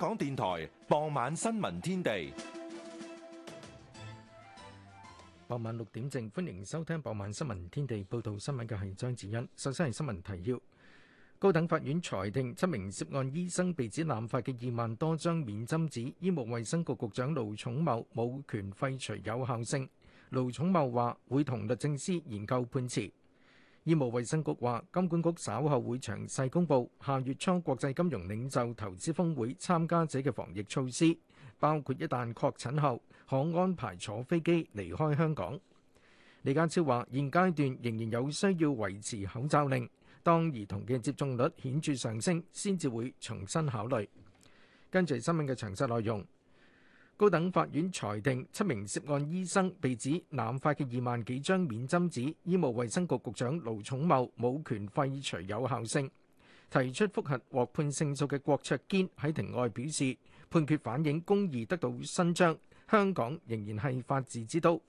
香港電台傍晚新聞天地，傍晚六點正，歡迎收聽傍晚新聞天地。報道新聞嘅係張子欣。首先係新聞提要：高等法院裁定七名涉案醫生被指濫發嘅二萬多張免針紙，醫務衛生局局長盧寵茂冇權廢除有效性。盧寵茂話會同律政司研究判詞。醫務衛生局話，金管局稍後會詳細公佈下月初國際金融領袖投資峰會參加者嘅防疫措施，包括一旦確診後可安排坐飛機離開香港。李家超話，現階段仍然有需要維持口罩令，當兒童嘅接種率顯著上升，先至會重新考慮。跟住新聞嘅詳細內容。高等法院裁定七名涉案醫生被指濫發嘅二萬幾張免針紙，醫務衛生局局長盧寵茂冇權廢除有效性。提出複核獲判勝訴嘅郭卓堅喺庭外表示，判決反映公義得到伸張，香港仍然係法治之都。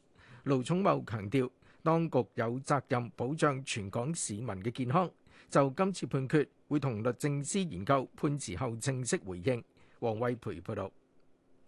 盧寵茂強調，當局有責任保障全港市民嘅健康。就今次判決，會同律政司研究判詞後正式回應。王衛培報道。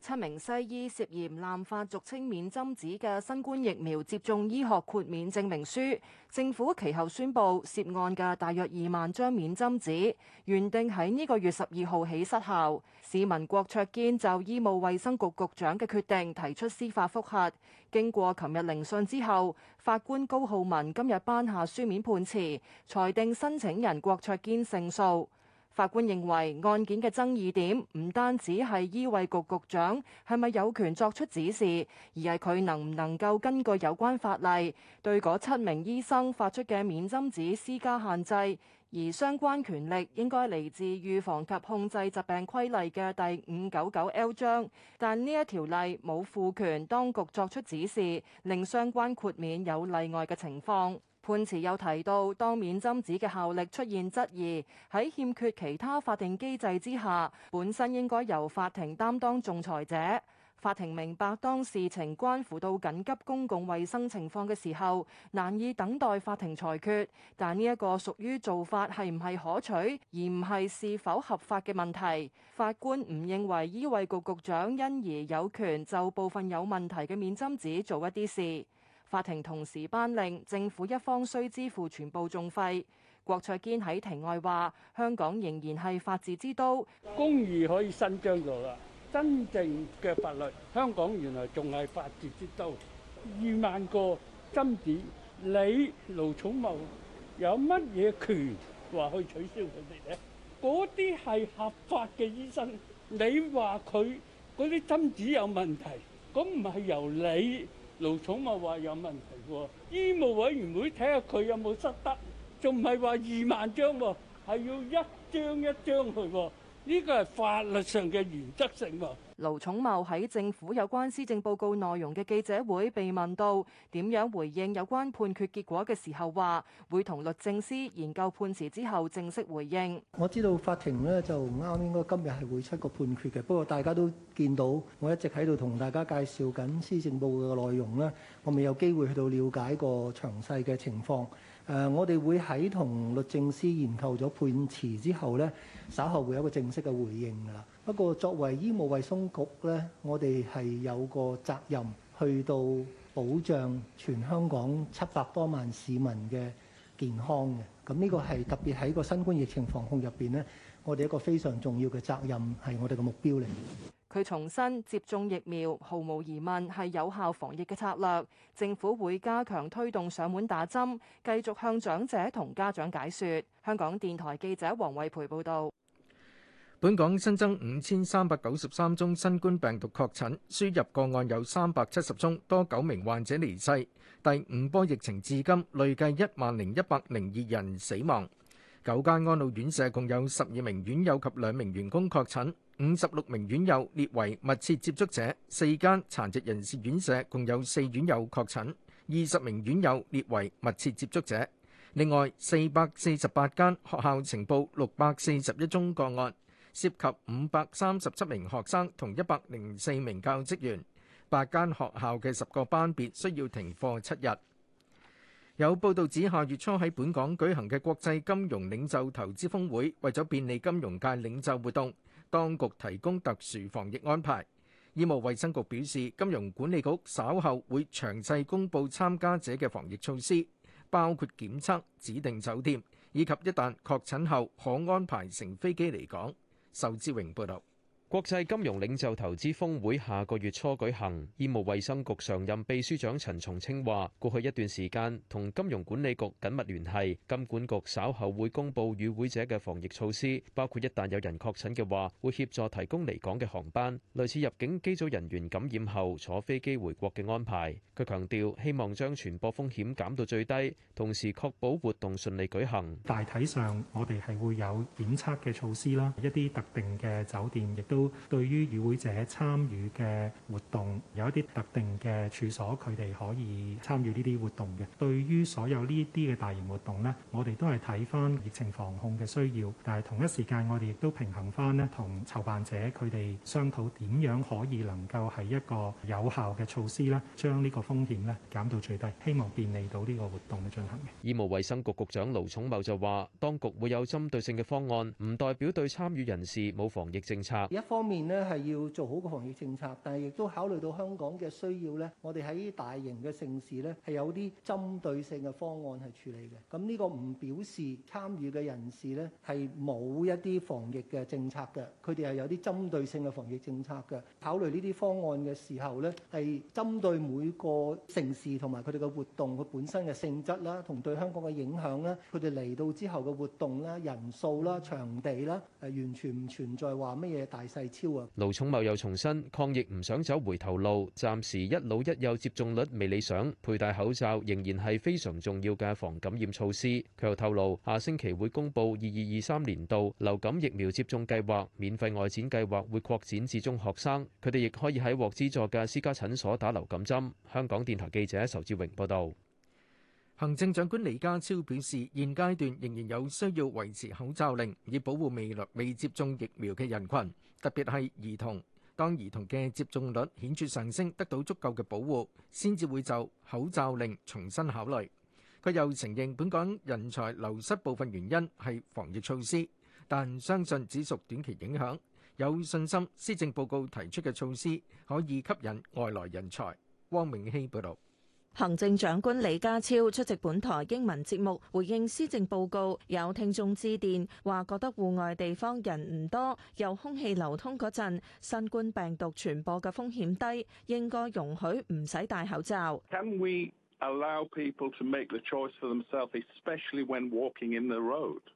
七名西醫涉嫌濫發俗稱免針紙嘅新冠疫苗接種醫學豁免證明書，政府其後宣布涉案嘅大約二萬張免針紙原定喺呢個月十二號起失效。市民郭卓堅就醫務衛生局局長嘅決定提出司法覆核，經過琴日聆訊之後，法官高浩文今日頒下書面判詞，裁定申請人郭卓堅勝訴。法官認為案件嘅爭議點唔單止係醫衞局局長係咪有權作出指示，而係佢能唔能夠根據有關法例對嗰七名醫生發出嘅免針紙施加限制，而相關權力應該嚟自《預防及控制疾病規例》嘅第五九九 L 章，但呢一條例冇賦權當局作出指示令相關豁免有例外嘅情況。判詞又提到，當免針紙嘅效力出現質疑，喺欠缺其他法定機制之下，本身應該由法庭擔當仲裁者。法庭明白當事情關乎到緊急公共衞生情況嘅時候，難以等待法庭裁決。但呢一個屬於做法係唔係可取，而唔係是否合法嘅問題。法官唔認為醫衞局局長因而有權就部分有問題嘅免針紙做一啲事。法庭同時頒令，政府一方需支付全部訟費。郭卓堅喺庭外話：香港仍然係法治之都，公義可以伸張到喇。真正嘅法律，香港原來仲係法治之都。二萬個針紙，你盧寵茂有乜嘢權話去取消佢哋咧？嗰啲係合法嘅醫生，你話佢嗰啲針紙有問題，咁唔係由你。盧寵茂話有問題喎、啊，醫務委員會睇下佢有冇失德，仲唔係話二萬張喎、啊，係要一張一張去喎、啊，呢個係法律上嘅原則性喎、啊。盧寵茂喺政府有關施政報告內容嘅記者會被問到點樣回應有關判決結果嘅時候，話會同律政司研究判詞之後正式回應。我知道法庭呢就啱啱應該今日係會出個判決嘅，不過大家都見到我一直喺度同大家介紹緊施政報告嘅內容啦。我未有機會去到了解個詳細嘅情況。誒、呃，我哋會喺同律政司研究咗判詞之後呢，稍後會有一個正式嘅回應㗎啦。不過，作為醫務衛生局咧，我哋係有個責任去到保障全香港七百多萬市民嘅健康嘅。咁呢個係特別喺個新冠疫情防控入邊呢，我哋一個非常重要嘅責任，係我哋嘅目標嚟。佢重申，接種疫苗毫無疑問係有效防疫嘅策略。政府會加強推動上門打針，繼續向長者同家長解説。香港電台記者黃惠培報道。本港新增五千三百九十三宗新冠病毒確診，輸入個案有三百七十宗，多九名患者離世。第五波疫情至今累計一萬零一百零二人死亡。九間安老院舍共有十二名院友及兩名員工確診，五十六名院友列為密切接觸者。四間殘疾人士院舍共有四院友確診，二十名院友列為密切接觸者。另外，四百四十八間學校呈報六百四十一宗個案。涉及五百三十七名學生同一百零四名教職員，八間學校嘅十個班別需要停課七日。有報道指，下月初喺本港舉行嘅國際金融領袖投資峰會為咗便利金融界領袖活動，當局提供特殊防疫安排。醫務衛生局表示，金融管理局稍後會詳細公布參加者嘅防疫措施，包括檢測、指定酒店以及一旦確診後可安排乘飛機離港。仇志榮報道。國際金融領袖投資峰會下個月初舉行,醫務衛生局常任秘書長陳松青話,過去一段時間同金融管理局緊密聯繫,金管局稍後會公佈與會者嘅防疫措施,包括一旦有人確診嘅話,會協助提供離港嘅航班,類似入境機組人員感染後坐飛機回國嘅安排,佢強調希望將傳播風險減到最低,同時確保活動順利舉行。大體上,我哋係會有檢測嘅措施啦,一啲特定嘅酒店亦都。對於與會者參與嘅活動，有一啲特定嘅處所，佢哋可以參與呢啲活動嘅。對於所有呢啲嘅大型活動呢，我哋都係睇翻疫情防控嘅需要，但係同一時間我哋亦都平衡翻呢，同籌辦者佢哋商討點樣可以能夠係一個有效嘅措施呢，將呢個風險呢減到最低，希望便利到呢個活動嘅進行嘅。醫務衛生局局長盧寵茂就話，當局會有針對性嘅方案，唔代表對參與人士冇防疫政策。方面咧，係要做好個防疫政策，但係亦都考慮到香港嘅需要咧。我哋喺大型嘅城市咧，係有啲針對性嘅方案去處理嘅。咁呢個唔表示參與嘅人士咧，係冇一啲防疫嘅政策嘅，佢哋係有啲針對性嘅防疫政策嘅。考慮呢啲方案嘅時候咧，係針對每個城市同埋佢哋嘅活動，佢本身嘅性質啦，同對香港嘅影響啦，佢哋嚟到之後嘅活動啦、人數啦、場地啦，係完全唔存在話乜嘢大，細超啊！盧寵茂又重申抗疫唔想走回頭路，暫時一老一幼接種率未理想，佩戴口罩仍然係非常重要嘅防感染措施。佢又透露，下星期會公布二二二三年度流感疫苗接種計劃，免費外展計劃會擴展至中學生，佢哋亦可以喺獲資助嘅私家診所打流感針。香港電台記者仇志榮報道。行政長官李家超表示，現階段仍然有需要維持口罩令，以保護未來未接種疫苗嘅人群，特別係兒童。當兒童嘅接種率顯著上升，得到足夠嘅保護，先至會就口罩令重新考慮。佢又承認，本港人才流失部分原因係防疫措施，但相信只屬短期影響，有信心施政報告提出嘅措施可以吸引外來人才。汪明熙報導。行政長官李家超出席本台英文節目回應施政報告，有聽眾致電，話覺得戶外地方人唔多，有空氣流通嗰陣，新冠病毒傳播嘅風險低，應該容許唔使戴口罩。Can we allow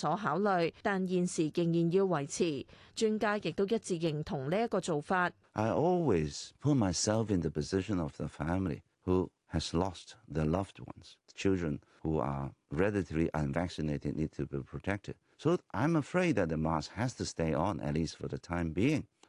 所考慮，但現時仍然要維持。專家亦都一致認同呢一個做法。I always put myself in the position of the family who has lost their loved ones. Children who are relatively unvaccinated need to be protected. So I'm afraid that the mask has to stay on, at least for the time being.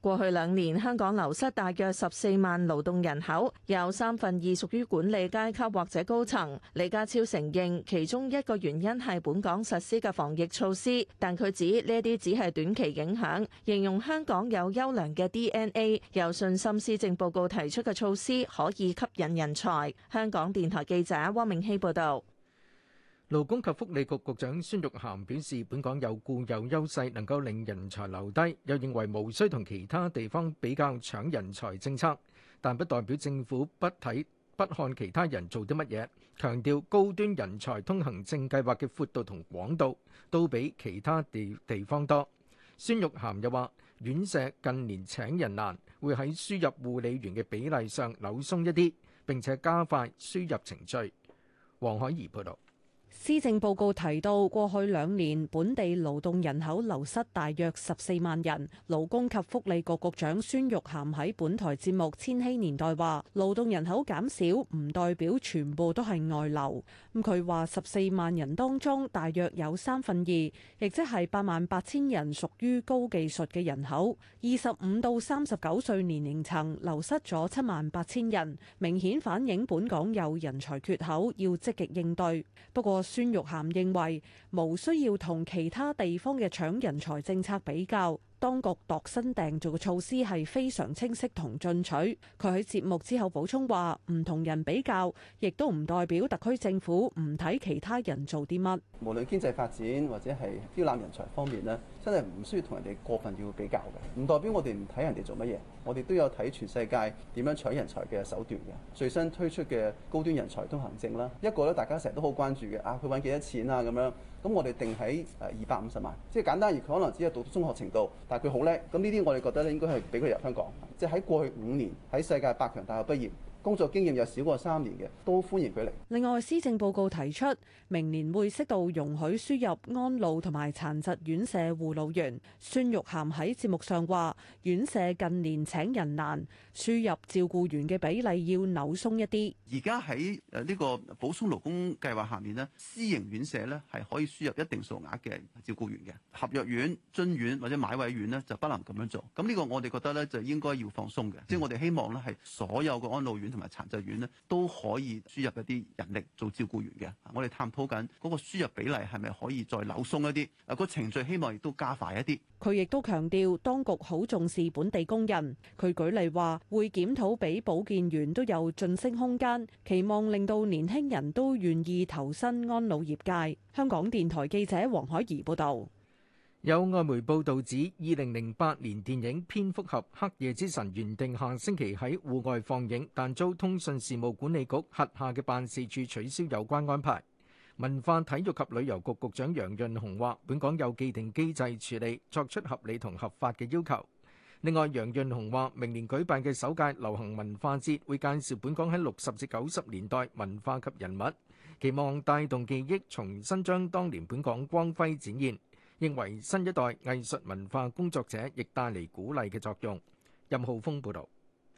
過去兩年，香港流失大約十四萬勞動人口，有三分二屬於管理階級或者高層。李家超承認其中一個原因係本港實施嘅防疫措施，但佢指呢啲只係短期影響，形容香港有優良嘅 DNA，有信心施政報告提出嘅措施可以吸引人才。香港電台記者汪明熙報導。勞工及福利局局長孫玉菡表示，本港有固有優勢，能夠令人才留低。又認為無需同其他地方比較搶人才政策，但不代表政府不睇不看其他人做啲乜嘢。強調高端人才通行證計劃嘅闊度同廣度都比其他地地方多。孫玉菡又話，院舍近年請人難，會喺輸入護理員嘅比例上扭鬆一啲，並且加快輸入程序。黃海怡報道。施政報告提到，過去兩年本地勞動人口流失大約十四萬人。勞工及福利局局長孫玉菡喺本台節目《千禧年代》話：勞動人口減少唔代表全部都係外流。咁佢話十四萬人當中，大約有三分二，亦即係八萬八千人屬於高技術嘅人口。二十五到三十九歲年齡層流失咗七萬八千人，明顯反映本港有人才缺口，要積極應對。不過，孫玉菡認為，無需要同其他地方嘅搶人才政策比較。當局度身訂做嘅措施係非常清晰同進取。佢喺節目之後補充話：唔同人比較，亦都唔代表特區政府唔睇其他人做啲乜。無論經濟發展或者係招攬人才方面咧，真係唔需要同人哋過分要比較嘅。唔代表我哋唔睇人哋做乜嘢，我哋都有睇全世界點樣搶人才嘅手段嘅。最新推出嘅高端人才通行證啦，一個咧大家成日都好關注嘅啊，佢揾幾多錢啊咁樣。咁我哋定喺誒二百五十萬，即係簡單，而佢可能只係讀中學程度，但係佢好叻，咁呢啲我哋覺得咧應該係俾佢入香港。即係喺過去五年喺世界百強大學畢業。工作經驗又少過三年嘅，都歡迎佢嚟。另外，施政報告提出明年會適度容許輸入安老同埋殘疾院舍護老員。孫玉菡喺節目上話，院舍近年請人難，輸入照顧員嘅比例要扭鬆一啲。而家喺誒呢個補充勞工計劃下面呢，私營院舍呢係可以輸入一定數額嘅照顧員嘅。合約院、津院或者買位院呢，就不能咁樣做。咁呢個我哋覺得呢，就應該要放鬆嘅，即係、嗯、我哋希望呢，係所有嘅安老院。同埋殘疾院咧都可以輸入一啲人力做照顧員嘅，我哋探討緊嗰個輸入比例係咪可以再扭鬆一啲，啊個程序希望亦都加快一啲。佢亦都強調，當局好重視本地工人。佢舉例話，會檢討俾保健員都有晉升空間，期望令到年輕人都願意投身安老業界。香港電台記者黃海怡報導。有外媒報道指，二零零八年電影《蝙蝠俠：黑夜之神》原定下星期喺戶外放映，但遭通訊事務管理局轄下嘅辦事處取消有關安排。文化體育及旅遊局局長楊潤雄話，本港有既定機制處理，作出合理同合法嘅要求。另外，楊潤雄話，明年舉辦嘅首屆流行文化節會介紹本港喺六十至九十年代文化及人物，期望帶動記憶，重新將當年本港光輝展現。認為新一代藝術文化工作者亦帶嚟鼓勵嘅作用。任浩峰報導，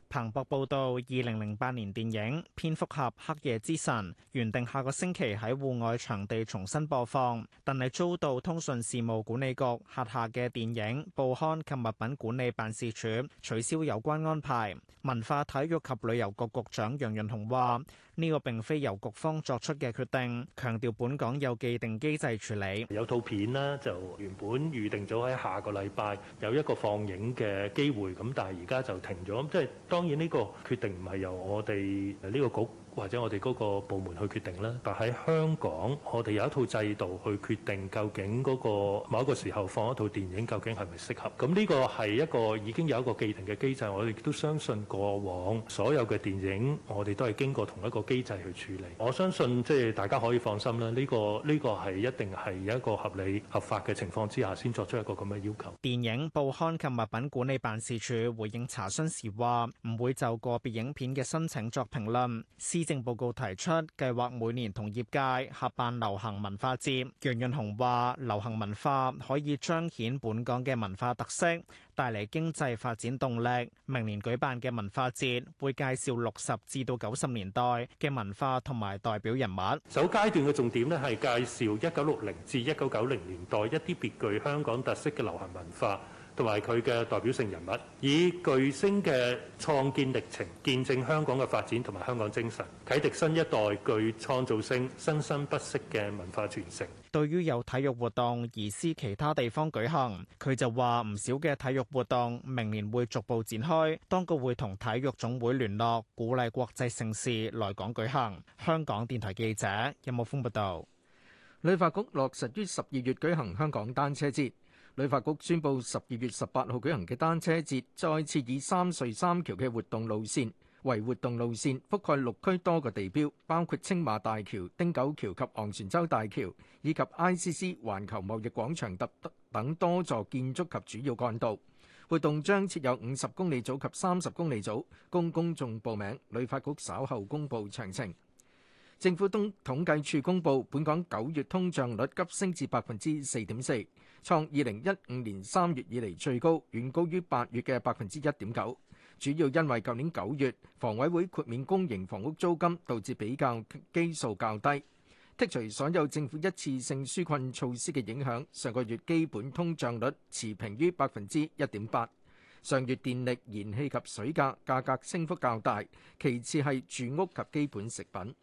彭博報道，二零零八年電影《蝙蝠俠：黑夜之神》原定下個星期喺戶外場地重新播放，但係遭到通訊事務管理局轄下嘅電影、報刊及物品管理辦事處取消有關安排。文化體育及旅遊局局長楊潤雄話，呢個並非由局方作出嘅決定，強調本港有既定機制處理。有套片啦，就原本預定咗喺下個禮拜有一個放映嘅機會，咁但係而家就停咗。咁即係當然呢個決定唔係由我哋呢個局或者我哋嗰個部門去決定啦。但喺香港，我哋有一套制度去決定究竟嗰個某一個時候放一套電影究竟係咪適合。咁呢個係一個已經有一個既定嘅機制，我哋都相信過往所有嘅電影，我哋都係經過同一個。機制去處理，我相信即係大家可以放心啦。呢個呢個係一定係一個合理合法嘅情況之下，先作出一個咁嘅要求。電影報刊及物品管理辦事處回應查詢時話：唔會就個別影片嘅申請作評論。施政報告提出計劃每年同業界合辦流行文化節。楊潤雄話：流行文化可以彰顯本港嘅文化特色。帶嚟經濟發展動力。明年舉辦嘅文化節會介紹六十至到九十年代嘅文化同埋代表人物。首階段嘅重點呢係介紹一九六零至一九九零年代一啲別具香港特色嘅流行文化。同埋佢嘅代表性人物，以巨星嘅創建歷程，見證香港嘅發展同埋香港精神，啟迪新一代具創造性、生生不息嘅文化傳承。對於有體育活動移師其他地方舉行，佢就話唔少嘅體育活動明年會逐步展開，當局會同體育總會聯絡，鼓勵國際盛事來港舉行。香港電台記者任木風報道。旅發局落實於十二月舉行香港單車節。旅發局宣布，十二月十八號舉行嘅單車節再次以三隧三橋嘅活動路線為活動路線，覆蓋六區多個地標，包括青馬大橋、汀九橋及昂船洲大橋，以及 ICC 環球貿易廣場等，等多座建築及主要幹道。活動將設有五十公里組及三十公里組供公眾報名。旅發局稍後公布詳情。政府統統計處公布，本港九月通脹率急升至百分之四點四。創二零一五年三月以嚟最高，遠高於八月嘅百分之一點九。主要因為舊年九月房委會豁免公營房屋租金，導致比較基數較低。剔除所有政府一次性紓困措施嘅影響，上個月基本通脹率持平於百分之一點八。上月電力、燃氣及水價價格升幅較大，其次係住屋及基本食品。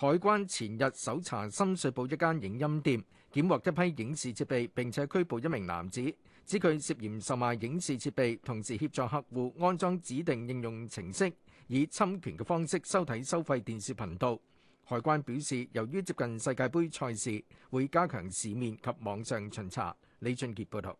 海關前日搜查深水埗一間影音店，檢獲一批影視設備，並且拘捕一名男子，指佢涉嫌售賣影視設備，同時協助客戶安裝指定應用程式，以侵權嘅方式收睇收費電視頻道。海關表示，由於接近世界盃賽事，會加強市面及網上巡查。李俊傑報導。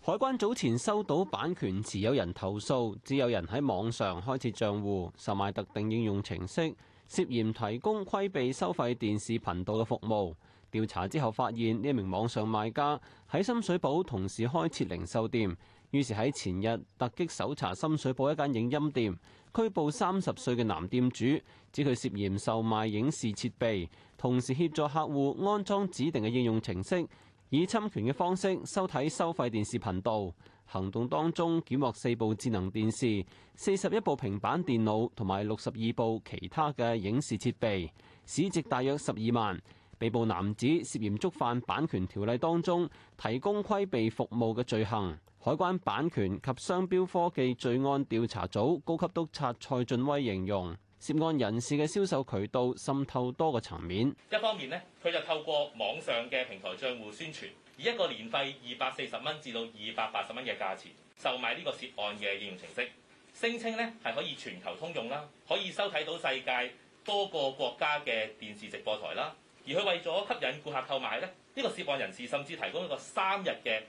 海關早前收到版權持有人投訴，指有人喺網上開設賬戶，售賣特定應用程式。涉嫌提供規避收費電視頻道嘅服務，調查之後發現呢一名網上賣家喺深水埗同時開設零售店，於是喺前日突擊搜查深水埗一間影音店，拘捕三十歲嘅男店主，指佢涉嫌售賣影視設備，同時協助客戶安裝指定嘅應用程式。以侵權嘅方式收睇收費電視頻道。行動當中，繳獲四部智能電視、四十一部平板電腦同埋六十二部其他嘅影視設備，市值大約十二萬。被捕男子涉嫌觸犯版權條例當中提供規避服務嘅罪行。海關版權及商標科技罪案調查組高級督察蔡俊威形容。涉案人士嘅銷售渠道滲透多個層面。一方面呢，佢就透過網上嘅平台賬戶宣傳，以一個年費二百四十蚊至到二百八十蚊嘅價錢售賣呢個涉案嘅應用程式，聲稱呢係可以全球通用啦，可以收睇到世界多個國家嘅電視直播台啦。而佢為咗吸引顧客購買呢，呢、呢個涉案人士甚至提供一個三日嘅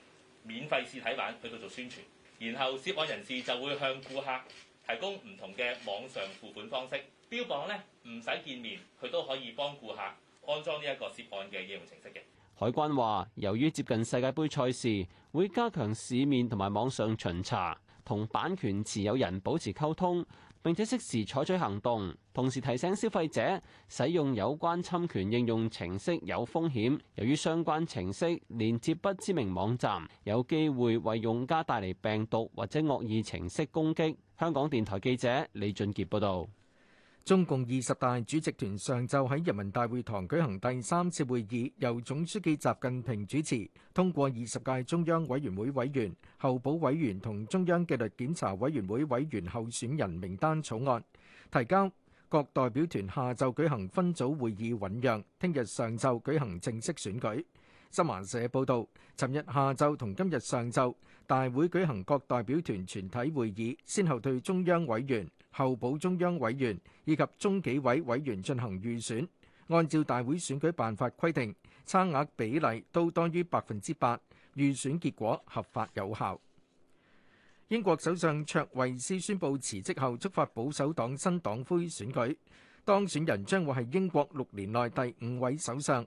免費試睇版去到做宣傳，然後涉案人士就會向顧客。提供唔同嘅網上付款方式，標榜呢，唔使見面，佢都可以幫顧客安裝呢一個涉案嘅應用程式嘅。海關話，由於接近世界盃賽事，會加強市面同埋網上巡查，同版權持有人保持溝通，並且適時採取行動。同時提醒消費者使用有關侵權應用程式有風險，由於相關程式連接不知名網站，有機會為用家帶嚟病毒或者惡意程式攻擊。香港電台記者李俊傑報道，中共二十大主席團上晝喺人民大會堂舉行第三次會議，由總書記習近平主持，通過二十屆中央委員會委員候補委員同中央紀律檢查委員會委員候選人名單草案，提交各代表團下晝舉行分組會議醖釀，聽日上晝舉行正式選舉。新華社報道，尋日下晝同今日上晝，大會舉行各代表團全體會議，先後對中央委員、候補中央委員以及中紀委委員進行預選。按照大會選舉辦法規定，差額比例都多於百分之八，預選結果合法有效。英國首相卓慧思宣布辭職後，觸發保守黨新黨魁選舉，當選人將會係英國六年內第五位首相。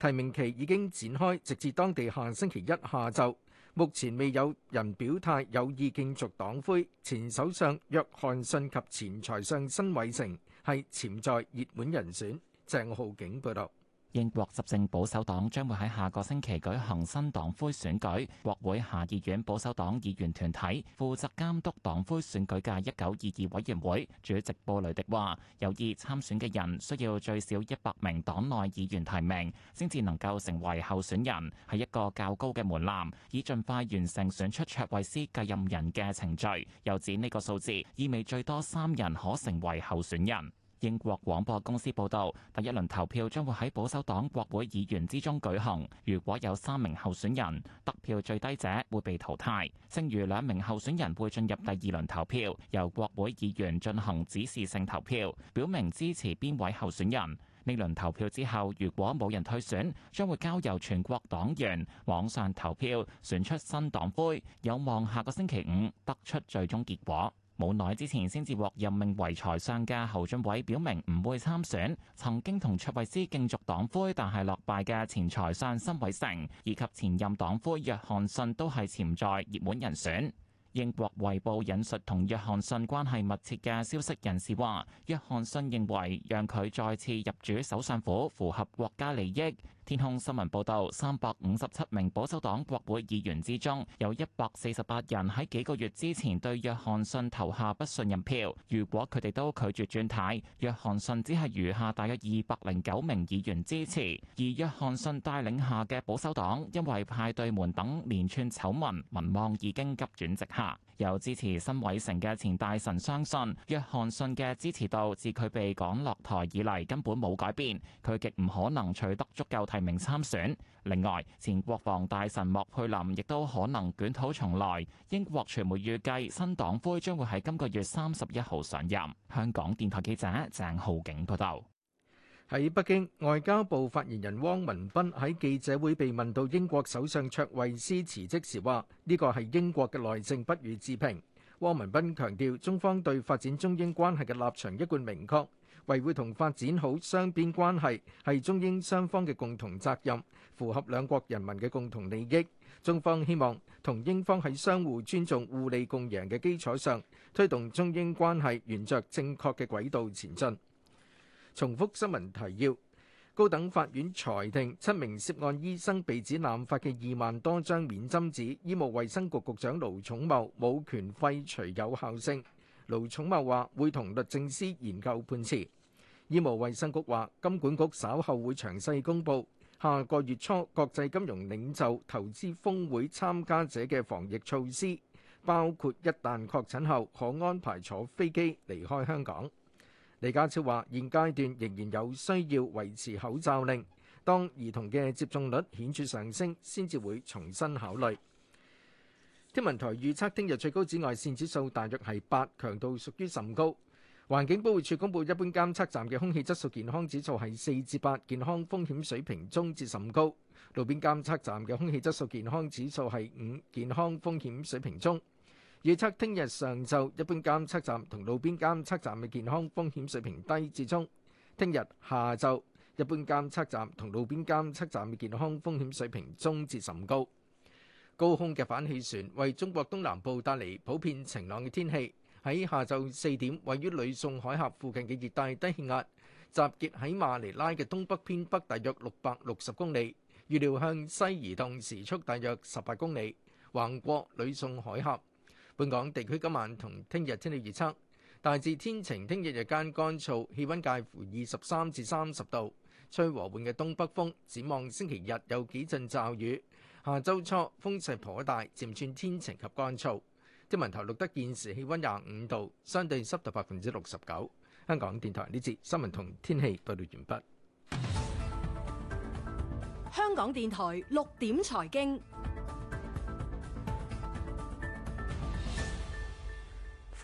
提名期已經展開，直至當地下星期一下晝。目前未有人表態有意競逐黨魁，前首相約翰遜及前財相辛偉誠係潛在熱門人選，鄭浩景報道。英國執政保守黨將會喺下個星期舉行新黨魁選舉，國會下議院保守黨議員團體負責監督黨魁選舉嘅一九二二委員會主席布雷迪話：有意參選嘅人需要最少一百名黨內議員提名，先至能夠成為候選人，係一個較高嘅門檻，以盡快完成選出卓慧思繼任人嘅程序。又指呢個數字意味最多三人可成為候選人。英國廣播公司報導，第一輪投票將會喺保守黨國會議員之中舉行。如果有三名候選人，得票最低者會被淘汰，剩餘兩名候選人會進入第二輪投票，由國會議員進行指示性投票，表明支持邊位候選人。呢輪投票之後，如果冇人退選，將會交由全國黨員網上投票選出新黨魁。有望下個星期五得出最終結果。冇耐之前先至獲任命為財相嘅侯俊偉表明唔會參選，曾經同卓慧思競逐黨魁但係落敗嘅前財相辛偉成以及前任黨魁約翰遜都係潛在熱門人選。英國《衛報》引述同約翰遜關係密切嘅消息人士話，約翰遜認為讓佢再次入主首相府符合國家利益。天空新聞報導，三百五十七名保守黨國會議員之中，有一百四十八人喺幾個月之前對約翰遜投下不信任票。如果佢哋都拒絕轉態，約翰遜只係餘下大約二百零九名議員支持。而約翰遜帶領下嘅保守黨，因為派對門等連串醜聞，民望已經急轉直下。有支持辛偉誠嘅前大臣相信，約翰遜嘅支持度自佢被趕落台以嚟根本冇改變，佢極唔可能取得足夠。提名參選。另外，前國防大臣莫佩林亦都可能捲土重來。英國傳媒預計新黨魁將會喺今個月三十一號上任。香港電台記者鄭浩景報道。喺北京，外交部發言人汪文斌喺記者會被問到英國首相卓慧斯辭職時話：呢個係英國嘅內政，不予置評。汪文斌強調，中方對發展中英關係嘅立場一貫明確。維護同發展好雙邊關係係中英雙方嘅共同責任，符合兩國人民嘅共同利益。中方希望同英方喺相互尊重、互利共贏嘅基礎上，推動中英關係沿著正確嘅軌道前進。重複新聞提要：高等法院裁定七名涉案醫生被指濫發嘅二萬多張免針紙，醫務衛生局局長盧寵茂冇權廢除有效性。盧寵茂話會同律政司研究判詞。醫務衛生局話金管局稍後會詳細公布下個月初國際金融領袖投資峰會參加者嘅防疫措施，包括一旦確診後可安排坐飛機離開香港。李家超話現階段仍然有需要維持口罩令，當兒童嘅接種率顯著上升先至會重新考慮。天文台預測聽日最高紫外線指數大約係八，強度屬於甚高。環境保護署公佈一般監測站嘅空氣質素健康指數係四至八，健康風險水平中至甚高。路邊監測站嘅空氣質素健康指數係五，健康風險水平中。預測聽日上晝一般監測站同路邊監測站嘅健康風險水平低至中。聽日下晝一般監測站同路邊監測站嘅健康風險水平中至甚高。高空嘅反氣旋為中國東南部帶嚟普遍晴朗嘅天氣。喺下晝四點，位於呂宋海峽附近嘅熱帶低氣壓集結喺馬尼拉嘅東北偏北，大約六百六十公里。預料向西移動，時速大約十八公里，橫過呂宋海峽。本港地區今晚同聽日天氣預測大致天晴，聽日日間乾燥，氣温介乎二十三至三十度，吹和緩嘅東北風。展望星期日有幾陣驟雨。下周初風勢頗大，漸轉天晴及乾燥。天文台錄得現時氣温廿五度，相對濕度百分之六十九。香港電台呢節新聞同天氣報道完畢。香港電台六點財經。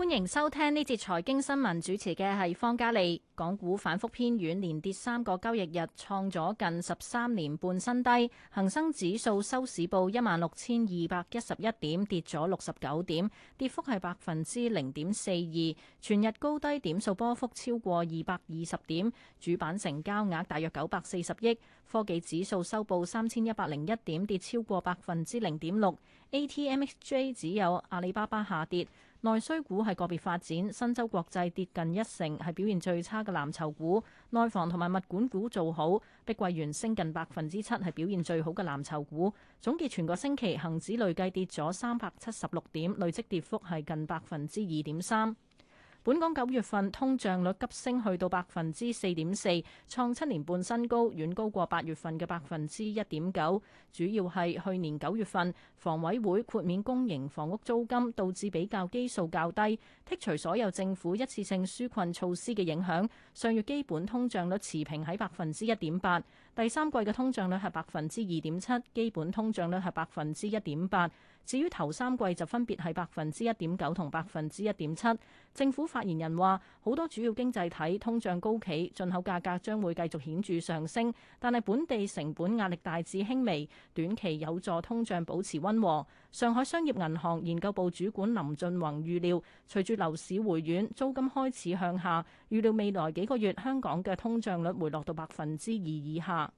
歡迎收聽呢節財經新聞，主持嘅係方嘉利。港股反覆偏軟，連跌三個交易日，創咗近十三年半新低。恒生指數收市報一萬六千二百一十一點，跌咗六十九點，跌幅係百分之零點四二。全日高低點數波幅超過二百二十點，主板成交額大約九百四十億。科技指數收報三千一百零一點，跌超過百分之零點六。ATMXJ 只有阿里巴巴下跌。內需股係個別發展，新洲國際跌近一成，係表現最差嘅藍籌股。內房同埋物管股做好，碧桂園升近百分之七，係表現最好嘅藍籌股。總結全個星期，恒指累計跌咗三百七十六點，累積跌幅係近百分之二點三。本港九月份通脹率急升，去到百分之四點四，創七年半新高，遠高過八月份嘅百分之一點九。主要係去年九月份房委會豁免公營房屋租金，導致比較基數較低。剔除所有政府一次性紓困措施嘅影響，上月基本通脹率持平喺百分之一點八。第三季嘅通脹率係百分之二點七，基本通脹率係百分之一點八。至於頭三季就分別係百分之一點九同百分之一點七。政府發言人話：好多主要經濟體通脹高企，進口價格將會繼續顯著上升，但係本地成本壓力大致輕微，短期有助通脹保持溫和。上海商業銀行研究部主管林進宏預料，隨住樓市回暖，租金開始向下，預料未來幾個月香港嘅通脹率回落到百分之二以下。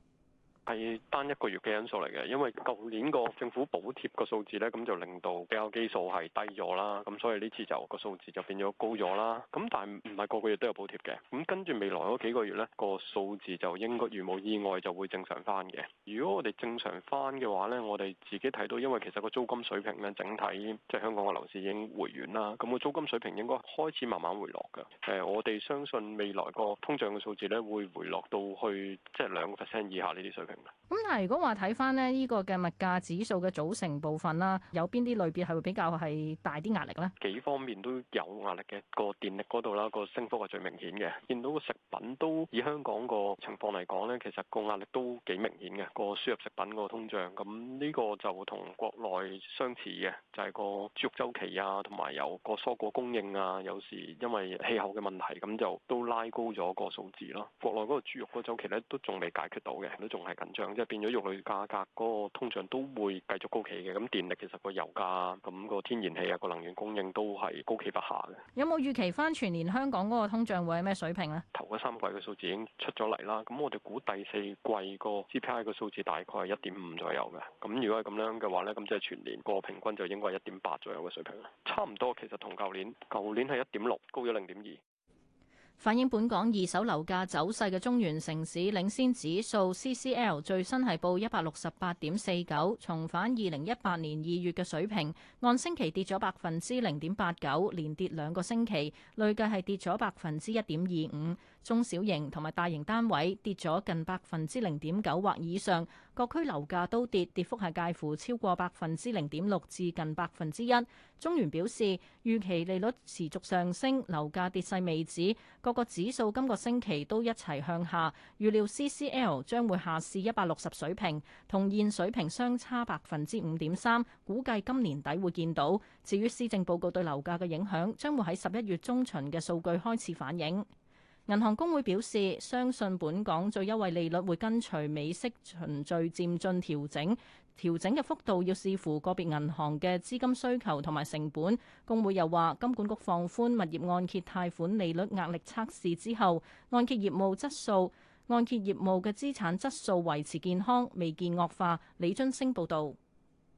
係單一個月嘅因素嚟嘅。因為舊年個政府補貼個數字呢，咁就令到比較基數係低咗啦，咁所以呢次就個數字就變咗高咗啦。咁但係唔係個個月都有補貼嘅，咁跟住未來嗰幾個月呢，個數字就應該如冇意外就會正常翻嘅。如果我哋正常翻嘅話呢，我哋自己睇到，因為其實個租金水平呢，整體即係香港個樓市已經回軟啦，咁個租金水平應該開始慢慢回落噶。誒，我哋相信未來個通脹嘅數字呢，會回落到去即係兩個 percent 以下呢啲水平。咁但係如果話睇翻呢依個嘅物價指數嘅組成部分啦，有邊啲類別係會比較係大啲壓力呢？幾方面都有壓力嘅，個電力嗰度啦，個升幅係最明顯嘅。見到個食品都以香港個情況嚟講呢，其實個壓力都幾明顯嘅，個輸入食品個通脹。咁呢個就同國內相似嘅，就係個豬肉周期啊，同埋有個蔬果供應啊，有時因為氣候嘅問題，咁就都拉高咗個數字咯。國內嗰個豬肉個周期咧，都仲未解決到嘅，都仲係。即係變咗肉類價格嗰個通脹都會繼續高企嘅。咁電力其實個油價，咁個天然氣啊，個能源供應都係高企不下嘅。有冇預期翻全年香港嗰個通脹會係咩水平呢？頭嗰三季嘅數字已經出咗嚟啦。咁我哋估第四季個 GPI 個數字大概係一點五左右嘅。咁如果係咁樣嘅話呢，咁即係全年個平均就應該係一點八左右嘅水平。差唔多，其實同舊年，舊年係一點六，高咗零點二。反映本港二手樓價走勢嘅中原城市領先指數 （CCL） 最新係報一百六十八點四九，重返二零一八年二月嘅水平。按星期跌咗百分之零點八九，連跌兩個星期，累計係跌咗百分之一點二五。中小型同埋大型單位跌咗近百分之零點九或以上，各區樓價都跌，跌幅係介乎超過百分之零點六至近百分之一。中原表示，預期利率持續上升，樓價跌勢未止，各個指數今個星期都一齊向下。預料 CCL 將會下試一百六十水平，同現水平相差百分之五點三，估計今年底會見到。至於施政報告對樓價嘅影響，將會喺十一月中旬嘅數據開始反映。銀行公會表示，相信本港最優惠利率會跟隨美息循序漸進調整，調整嘅幅度要視乎個別銀行嘅資金需求同埋成本。公會又話，金管局放寬物業按揭貸款利率壓力測試之後，按揭業務質素、按揭業務嘅資產質素維持健康，未見惡化。李津升報導。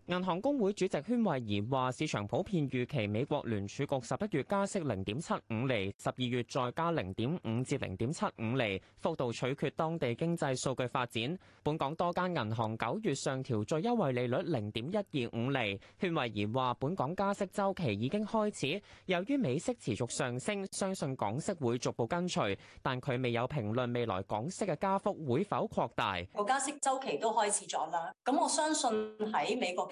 銀行公會主席禤惠儀話：市場普遍預期美國聯儲局十一月加息0.75厘，十二月再加0.5至0.75厘，幅度取決當地經濟數據發展。本港多間銀行九月上調最優惠利率0.125厘。禤惠儀話：本港加息周期已經開始，由於美息持續上升，相信港息會逐步跟隨，但佢未有評論未來港息嘅加幅會否擴大。我加息周期都開始咗啦，咁我相信喺美國。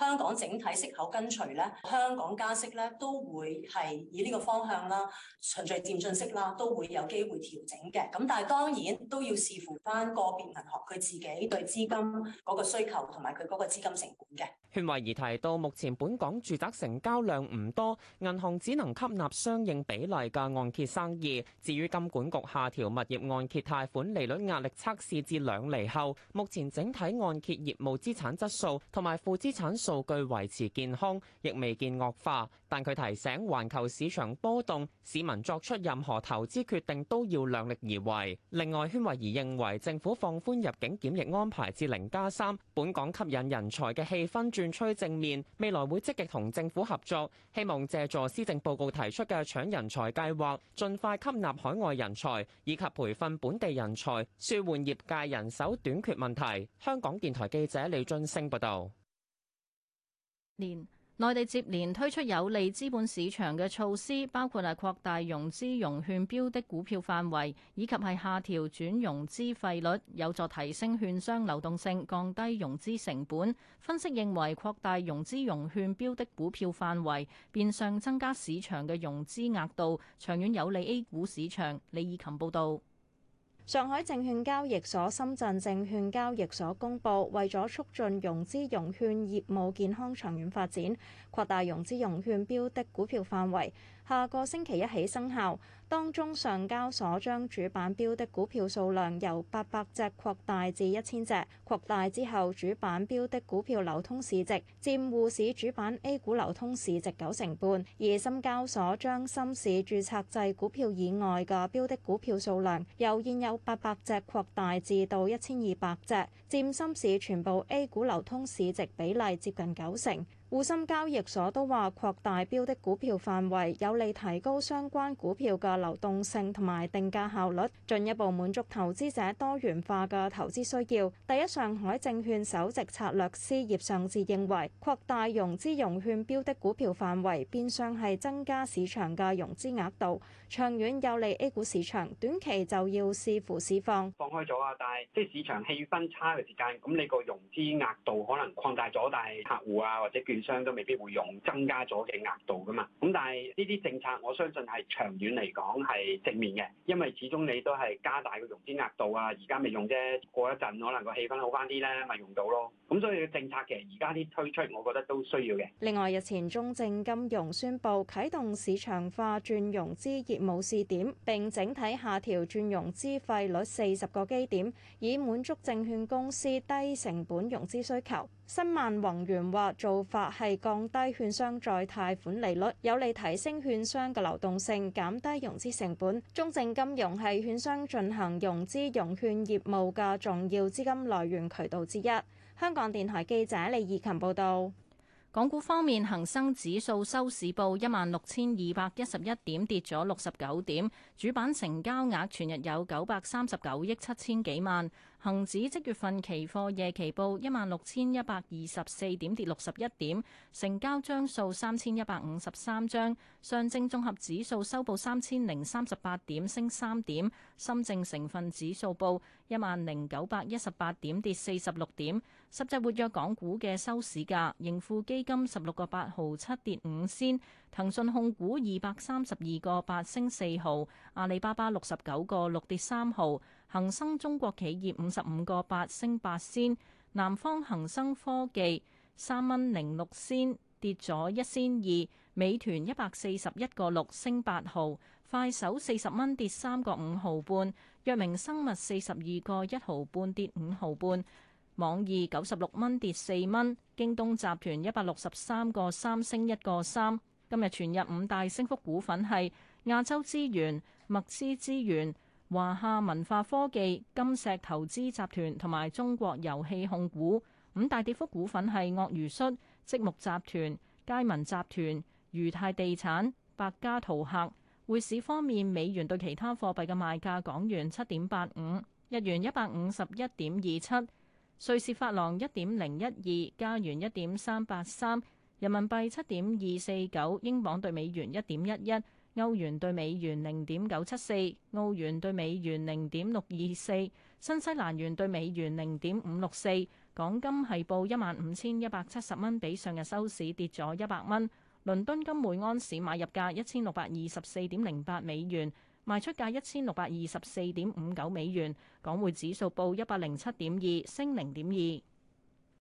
香港整體息口跟隨咧，香港加息咧都會係以呢個方向啦，循序漸進式啦，都會有機會調整嘅。咁但係當然都要視乎翻個別銀行佢自己對資金嗰個需求同埋佢嗰個資金成本嘅。勸惠儀提到，目前本港住宅成交量唔多，銀行只能吸納相應比例嘅按揭生意。至於金管局下調物業按揭貸款利率壓力測試至兩釐後，目前整體按揭業務資產質素同埋負資產。數據維持健康，亦未見惡化。但佢提醒環球市場波動，市民作出任何投資決定都要量力而為。另外，軒惠儀認為政府放寬入境檢疫安排至零加三，3，本港吸引人才嘅氣氛轉趨正面，未來會積極同政府合作，希望借助施政報告提出嘅搶人才計劃，盡快吸納海外人才以及培訓本地人才，舒緩業界人手短缺問題。香港電台記者李俊升報道。連內地接連推出有利資本市場嘅措施，包括係擴大融資融券標的股票範圍，以及係下調轉融資費率，有助提升券商流動性、降低融資成本。分析認為，擴大融資融券標的股票範圍，變相增加市場嘅融資額度，長遠有利 A 股市場。李以琴報道。上海證券交易所、深圳證券交易所公佈，為咗促進融資融券業務健康長遠發展，擴大融資融券標的股票範圍，下個星期一起生效。當中，上交所將主板標的股票數量由八百隻擴大至一千隻，擴大之後，主板標的股票流通市值佔滬市主板 A 股流通市值九成半；而深交所將深市註冊制股票以外嘅標的股票數量由現有八百隻擴大至到一千二百隻，佔深市全部 A 股流通市值比例接近九成。滬深交易所都話擴大標的股票範圍，有利提高相關股票嘅流動性同埋定價效率，進一步滿足投資者多元化嘅投資需要。第一上海證券首席策略師葉尚志認為，擴大融資融券標的股票範圍，變相係增加市場嘅融資額度。長遠有利 A 股市場，短期就要視乎市況。放開咗啊，但係即係市場氣氛差嘅時間，咁你個融資額度可能擴大咗，但係客戶啊或者券商都未必會用增加咗嘅額度㗎嘛。咁但係呢啲政策，我相信係長遠嚟講係正面嘅，因為始終你都係加大個融資額度啊，而家未用啫，過一陣可能個氣氛好返啲咧，咪用到咯。咁所以政策其實而家啲推出，我覺得都需要嘅。另外，日前中證金融宣布啟動市場化轉融資業。冇試點並整體下調轉融資費率四十個基點，以滿足證券公司低成本融資需求。申萬宏源話：做法係降低券商再貸款利率，有利提升券商嘅流動性，減低融資成本。中證金融係券商進行融資融券業務嘅重要資金來源渠道之一。香港電台記者李義琴報道。港股方面，恒生指數收市報一萬六千二百一十一點，跌咗六十九點。主板成交額全日有九百三十九億七千幾萬。恒指即月份期貨夜期報一萬六千一百二十四點，跌六十一點，成交張數三千一百五十三張。上證綜合指數收報三千零三十八點，升三點。深證成分指數報一萬零九百一十八點，跌四十六點。十隻活躍港股嘅收市價，盈富基金十六個八毫七跌五仙，騰訊控股二百三十二個八升四毫，阿里巴巴六十九個六跌三毫，恒生中國企業五十五個八升八仙，南方恒生科技三蚊零六仙跌咗一仙二，美團一百四十一個六升八毫，快手四十蚊跌三個五毫半，藥明生物四十二個一毫半跌五毫半。網易九十六蚊跌四蚊，京東集團一百六十三個三升一個三。今日全日五大升幅股份係亞洲資源、麥斯資源、華夏文化科技、金石投資集團同埋中國遊戲控股。五大跌幅股份係鱷魚恤、積木集團、佳文集團、如泰地產、百家淘客。匯市方面，美元對其他貨幣嘅賣價，港元七點八五，日元一百五十一點二七。瑞士法郎一點零一二，加元一點三八三，人民幣七點二四九，英鎊兌美元一點一一，歐元兌美元零點九七四，澳元兌美元零點六二四，新西蘭元兌美元零點五六四。港金係報一萬五千一百七十蚊，比上日收市跌咗一百蚊。倫敦金每安士買入價一千六百二十四點零八美元。賣出價一千六百二十四點五九美元，港匯指數報一百零七點二，升零點二。